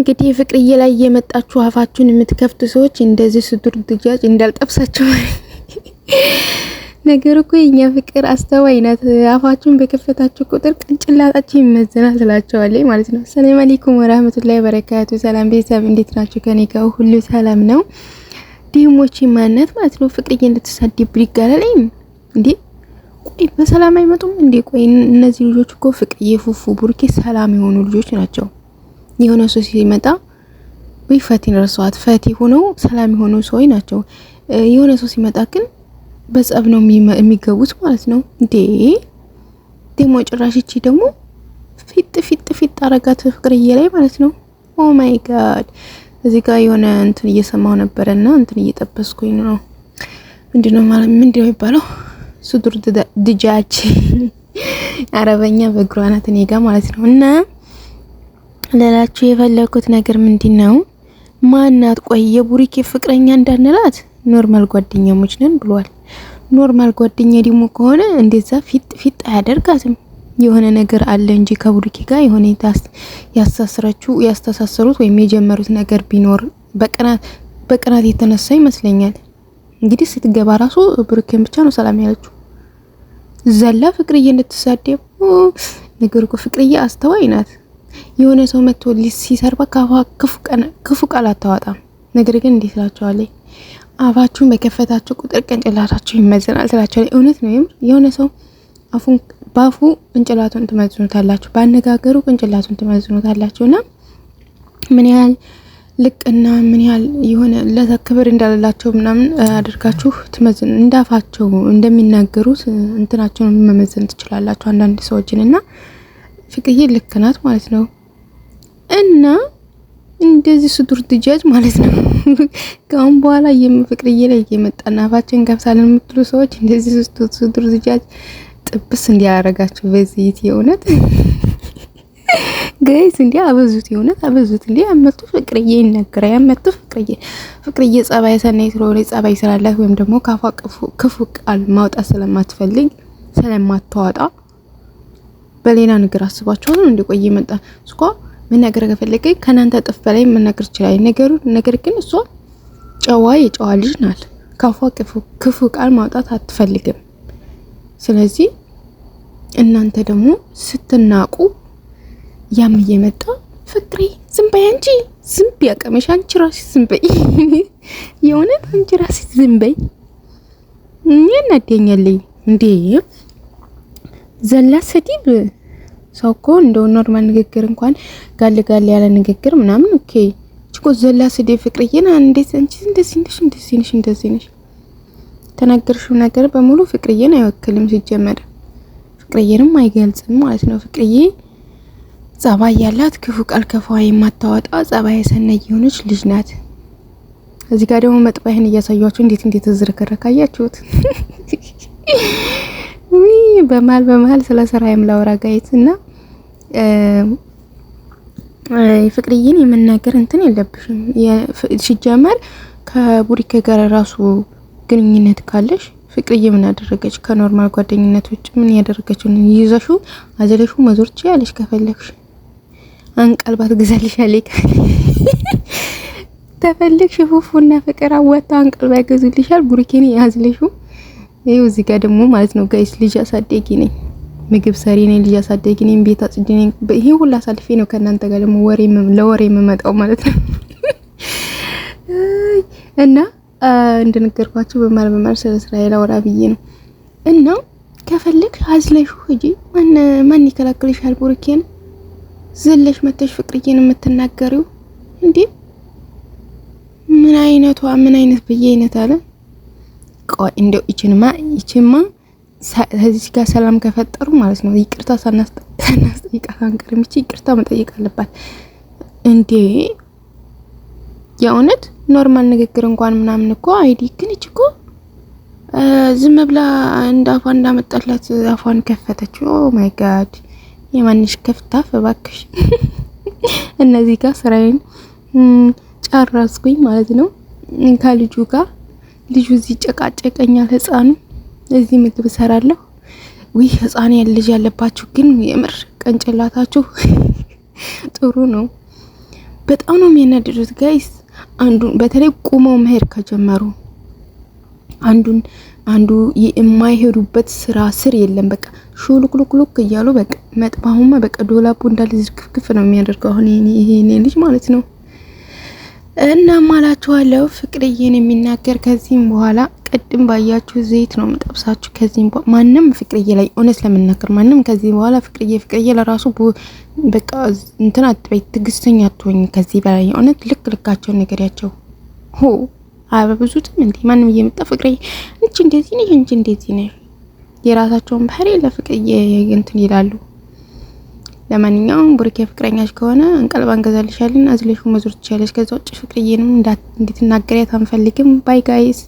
እንግዲህ ፍቅርዬ ላይ የመጣችሁ አፋችሁን የምትከፍቱ ሰዎች እንደዚህ ስዱር ድጃጅ እንዳልጠብሳቸው። ነገር እኮ የኛ ፍቅር አስተዋይ ናት። አፋችሁን በከፈታችሁ ቁጥር ቅንጭላጣችሁ ይመዘናል ትላቸዋለች ማለት ነው። ሰላም አለይኩም ወራህመቱላሂ ወበረካቱ። ሰላም ቤተሰብ እንዴት ናችሁ? ከኔ ጋር ሁሉ ሰላም ነው። ዲሞች ማነት ማለት ነው። ፍቅርዬ እንድትሳደብ ይጋላል እንዴ? ቆይ በሰላም አይመጡም እንዴ? ቆይ እነዚህ ልጆች እኮ ፍቅርዬ፣ ፉፉ፣ ቡርኬ ሰላም የሆኑ ልጆች ናቸው። የሆነ ሰው ሲመጣ ወይ ፈቲን ረሷት ፈቲ ሆኖ ሰላም የሆኑ ሰዎች ናቸው። የሆነ ሰው ሲመጣ ግን በጸብ ነው የሚገቡት ማለት ነው። እንዴ ደግሞ ጭራሽ እቺ ደግሞ ፊጥ ፊጥ ፊጥ አረጋት ፍቅርዬ ላይ ማለት ነው። ኦ ማይ ጋድ እዚህ ጋር የሆነ እንትን እየሰማሁ ነበረና እንትን እየጠበስኩኝ ነው። ምንድነው ማለት ምንድነው የሚባለው? ሱዱር ድጃች አረበኛ በእግሯ ናት እኔ ጋ ማለት ነው እና ልላችሁ የፈለኩት ነገር ምንድን ነው ማናት ቆይ የቡሪኬ ፍቅረኛ እንዳንላት ኖርማል ጓደኛሞች ነን ብሏል። ኖርማል ጓደኛ ደግሞ ከሆነ እንደዛ ፊት ፊት አያደርጋትም። የሆነ ነገር አለ እንጂ ከቡሪኬ ጋር የሆነ ያሳስራችሁ ያስተሳሰሩት ወይም የጀመሩት ነገር ቢኖር በቅናት በቅናት የተነሳ ይመስለኛል። እንግዲህ ስትገባ ራሱ ብሩኬን ብቻ ነው ሰላም ያለችው። ዘላ ፍቅርዬ እንድትሳደቡ ነገር እኮ ፍቅርዬ አስተዋይ ናት። የሆነ ሰው መጥቶ ሲሰርባ ክፉ ቃል አታወጣም። ነገር ግን እንዴት ላቸዋለ አፋችሁን በከፈታችሁ ቁጥር ቅንጭላታችሁ ይመዘናል ትላቸዋለሁ። እውነት ነው። የሆነ ሰው አፉን በአፉ ቅንጭላቱን ትመዝኑታላችሁ፣ በአነጋገሩ ቅንጭላቱን ትመዝኑታላችሁ እና ምን ያህል ልቅና ምን ያህል የሆነ ለክብር እንዳለላቸው ምናምን አድርጋችሁ ትመዝኑ እንዳፋቸው እንደሚናገሩት እንትናቸውን መመዘን ትችላላችሁ አንዳንድ ሰዎችን እና ፍቅዬ ልክ ናት ማለት ነው። እና እንደዚህ ስዱር ድጃጅ ማለት ነው። ከአሁን በኋላ ፍቅርዬ ላይ እየመጣና አፋችን ገብሳለን የምትሉ ሰዎች እንደዚህ ስዱር ድጃጅ ጥብስ እንዲያረጋችሁ በዚህ የእውነት ገይዝ እንዲ አበዙት፣ የእውነት አበዙት። እንዲ ያመጡ ፍቅርዬ ይነገራ ያመጡ ፍቅርዬ ፍቅርዬ ጸባይ ሰናይ ስለሆነ ጸባይ ስላላት ወይም ደግሞ ካፏ ክፉ ቃል ማውጣት ስለማትፈልግ ስለማታወጣ በሌላ ነገር አስባችሁ ነው እንዲቆይ የመጣ እስኳ መናገር ከፈለገ ከናንተ ጥፍ በላይ መናገር ይችላል። ነገሩ ነገር ግን እሷ ጨዋ የጨዋ ልጅ ናት። ካፏ ክፉ ቃል ማውጣት አትፈልግም። ስለዚህ እናንተ ደግሞ ስትናቁ ያም እየመጣ ፍቅሬ ዝም በይ አንቺ ዝም ቢያቀመሽ አንቺ ራስሽ ዝም በይ፣ የሆነ አንቺ ራስሽ ዝም በይ። እኔ እናደኛለኝ እንዴ ዘላ ስድብ ሰው እኮ እንደው ኖርማል ንግግር እንኳን ጋል ጋል ያለ ንግግር ምናምን ኦኬ። እችኮ ዘላ ስድብ ፍቅርዬን እንዴት እንጂ እንደዚህ እንደዚህ እንደዚህ ነሽ እንደዚህ ነሽ ተናገርሽው ነገር በሙሉ ፍቅርዬን አይወክልም። ሲጀመር ፍቅርዬንም አይገልጽም ማለት ነው። ፍቅርዬ ጸባይ ያላት ክፉ ቃል ከፏ የማታወጣ ጸባይ የሰነይ የሆነች ልጅ ናት። እዚህ ጋር ደግሞ መጥባይህን እያሳያችሁ እንዴት እንዴት ዝርከረካያችሁት በመሀል በመሀል ስለ ስራዬም ላውራ ጋይት እና ፍቅርዬን የመናገር እንትን የለብሽም። ሲጀመር ከቡሪከ ጋር ራሱ ግንኙነት ካለሽ ፍቅርዬ ምን አደረገች? ከኖርማል ጓደኝነት ውጭ ምን ያደረገችው? ይዘሹ አዘለሹ መዞር ትችያለሽ። ከፈለግሽ አንቀልባት ግዛልሽ አለኝ። ተፈልግሽ ፉፉና ፍቅር አዋጣው አንቀልባ ይገዙልሻል። ቡሪኬን ያዝለሹ ይሄው እዚህ ጋር ደግሞ ማለት ነው ጋይስ ልጅ አሳደጊ ነኝ፣ ምግብ ሰሪ ነኝ፣ ልጅ አሳደጊ ነኝ፣ ቤት አጽድ ነኝ። ይሄ ሁሉ አሳልፌ ነው ከእናንተ ጋር ደግሞ ወሬ ለወሬ የምመጣው ማለት ነው እና እንደነገርኳችሁ በማር በማር ስለ እስራኤል አውራ ብዬ ነው እና ከፈለግ አዝለሹ ሂጂ። ማን ማን ይከላከልሻል? ቡርኬን ዘለሽ መተሽ ፍቅርዬን የምትናገሪው እንዴ? ምን አይነቷ ምን አይነት ብዬ አይነት አለ ቆይ እንደው ይችንማ ይችንማ እዚህ ጋር ሰላም ከፈጠሩ ማለት ነው። ይቅርታ ሳናስጠይቃት አንቀርም። ይቺ ይቅርታ መጠየቅ አለባት እንዴ! የእውነት ኖርማል ንግግር እንኳን ምናምን እኮ አይዲ ግን እች እኮ ዝም ብላ እንደ አፏ እንዳመጣላት አፏን ከፈተች። ኦ ማይ ጋድ የማንሽ ከፍታ ፈባክሽ። እነዚህ ጋር ስራዬን ጨረስኩኝ ማለት ነው ከልጁ ጋር ልጁ እዚህ ጨቃጨቀኛል። ህፃኑ እዚህ ምግብ እሰራለሁ። ይህ ህፃን ልጅ ያለባችሁ ግን የምር ቀንጭላታችሁ ጥሩ ነው። በጣም ነው የሚያናድዱት ጋይስ። አንዱን በተለይ ቁመው መሄድ ከጀመሩ አንዱን አንዱ የማይሄዱበት ስራ ስር የለም። በቃ ሹሉክሉክሉክ እያሉ በቃ መጥባሁማ በቃ ዶላቡ እንዳለ ዝርክፍክፍ ነው የሚያደርገው አሁን ይሄ ልጅ ማለት ነው። እናም አላችኋለሁ ፍቅርዬን የሚናገር ከዚህም በኋላ ቅድም ባያችሁ ዘይት ነው የምጠብሳችሁ። ከዚህም ማንም ፍቅርዬ ላይ እውነት ለመናገር ማንም ከዚህ በኋላ ፍቅርዬ ፍቅርዬ ለራሱ በቃ እንትን አትበይ፣ ትግስተኛ አትሆኝ። ከዚህ በላይ እውነት ልክ ልካቸውን ንገሪያቸው። ሆ አበብዙትም እንዴ ማንም እየመጣ ፍቅርዬ እንቺ እንደዚህ ነሽ፣ እንቺ እንደዚህ ነሽ፣ የራሳቸውን ባህሪ ለፍቅርዬ እንትን ይላሉ። ለማንኛውም ቡርኬ ፍቅረኛሽ ከሆነ እንቀልባ እንገዛልሻለን፣ አዝለሽ መዞር ትችላለች። ከዛ ውጭ ፍቅርዬንም እንድትናገሪያት አንፈልግም። ባይ ጋይስ